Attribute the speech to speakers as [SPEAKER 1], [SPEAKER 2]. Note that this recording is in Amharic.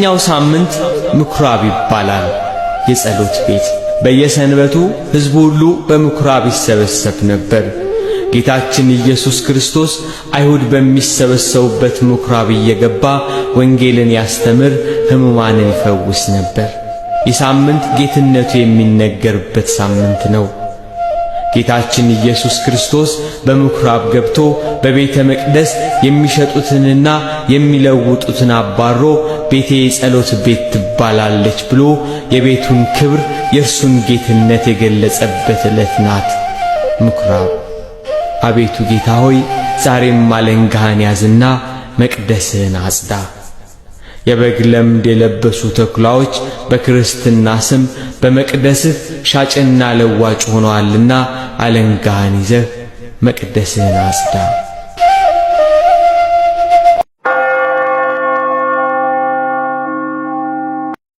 [SPEAKER 1] ኛው ሳምንት ምኩራብ ይባላል። የጸሎት ቤት በየሰንበቱ ሕዝቡ ሁሉ በምኩራብ ይሰበሰብ ነበር። ጌታችን ኢየሱስ ክርስቶስ አይሁድ በሚሰበሰቡበት ምኩራብ እየገባ ወንጌልን ያስተምር፣ ሕሙማንን ይፈውስ ነበር። ሳምንት ጌትነቱ የሚነገርበት ሳምንት ነው። ጌታችን ኢየሱስ ክርስቶስ በምኩራብ ገብቶ በቤተ መቅደስ የሚሸጡትንና የሚለውጡትን አባሮ ቤቴ የጸሎት ቤት ትባላለች ብሎ የቤቱን ክብር የእርሱን ጌትነት የገለጸበት ዕለት ናት። ምኩራብ አቤቱ ጌታ ሆይ ዛሬም አለንጋህን ያዝና መቅደስህን አጽዳ። የበግ ለምድ የለበሱ ተኩላዎች በክርስትና ስም በመቅደስህ ሻጭና ለዋጭ ሆነዋልና አለንጋህን ይዘህ መቅደስህን አጽዳ።